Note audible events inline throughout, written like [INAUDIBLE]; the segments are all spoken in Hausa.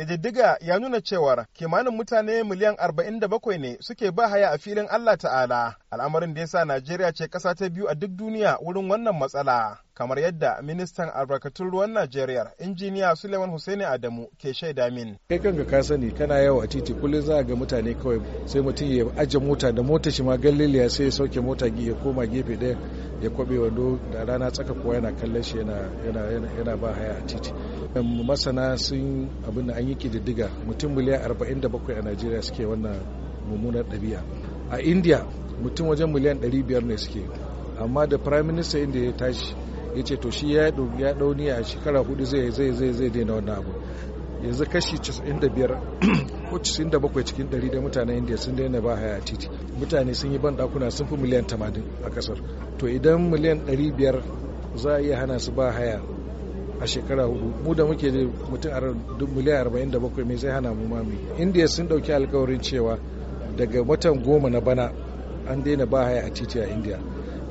Ƙididdiga ya nuna cewar kimanin mutane miliyan 47 ne suke ba haya a filin Allah ta'ala, al'amarin da ya sa Najeriya ce ƙasa ta biyu a duk duniya wurin wannan matsala. kamar yadda ministan albarkatun ruwan najeriya injiniya suleiman hussaini adamu ke shaida min kai kanka ka sani kana yawo a titi kullum za ga mutane kawai sai mutum ya ajiye mota da mota shi ma ya sai ya sauke mota ya koma gefe ɗaya ya kwabe wando da rana tsaka kuwa yana kallon shi yana ba haya a titi masana sun abin da an yi kididdiga mutum miliyan arba'in da bakwai a najeriya suke wannan mummunar ɗabi'a a india mutum wajen miliyan ɗari biyar ne suke amma da prime minister inda ya tashi ya ce to shi ya ɗau ya dauni a shekara hudu zai zai zai zai daina wannan abu yanzu kashi 95 [CLEARS THROAT] ko 97 cikin 100 da mutanen indiya sun daina ba haya a titi mutane sun yi ban dakuna sun fi miliyan 80 a kasar to idan miliyan 500 za a iya hana su ba haya a shekara hudu mu da muke da mutum a miliyan 47 mai zai hana mu mami indiya sun dauki alkawarin cewa daga watan goma na bana an daina ba haya a titi a indiya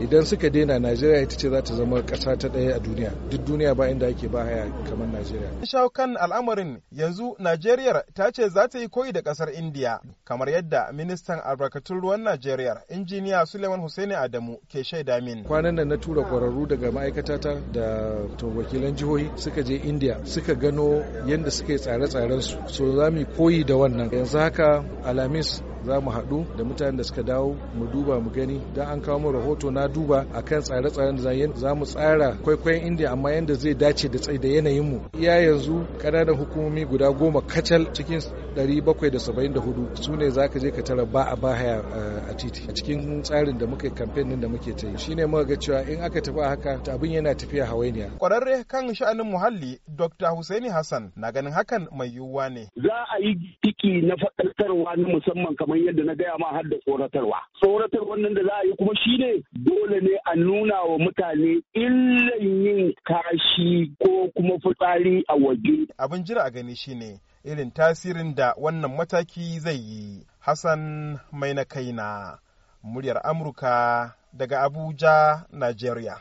idan suka daina najeriya ita ce za ta zama ƙasa ta ɗaya a duniya duk duniya ba inda ake ba haya kamar najeriya shawo kan al'amarin yanzu najeriya ta ce za ta yi koyi da ƙasar indiya kamar yadda ministan albarkatun ruwan najeriya injiniya suleiman hussaini adamu ke shaida min kwanan nan na tura kwararru daga ma'aikatata da wakilan jihohi suka je indiya suka gano yadda suka yi tsare-tsaren su so za mu koyi da wannan yanzu haka alamis za mu haɗu da mutanen da suka dawo mu duba mu gani don an kawo mu rahoto na duba akan tsare-tsaren da za mu tsara kwaikwayon indiya amma yadda zai dace da da yanayinmu. iya yanzu ƙananan hukumomi guda goma kacal cikin 774 su ne za ka je ka tara ba a bahaya eh, a titi a cikin tsarin da muka kamfen din da muke ta yi shine muka ga cewa in aka tafi haka ta abin yana tafiya hawainiya kwararre kan sha'anin muhalli dr husaini hassan na ganin hakan mai yiwuwa ne za a yi tiki na faɗartarwa na musamman kamar yadda na gaya ma har da tsoratarwa tsoratarwa nan da za a yi kuma shi ne, dole ne a nuna wa mutane illan yin kashi ko kuma fitsari a waje abin jira a gani shine irin tasirin da wannan mataki zai yi. Hassan Mai na kaina, muryar Amurka daga Abuja, Najeriya.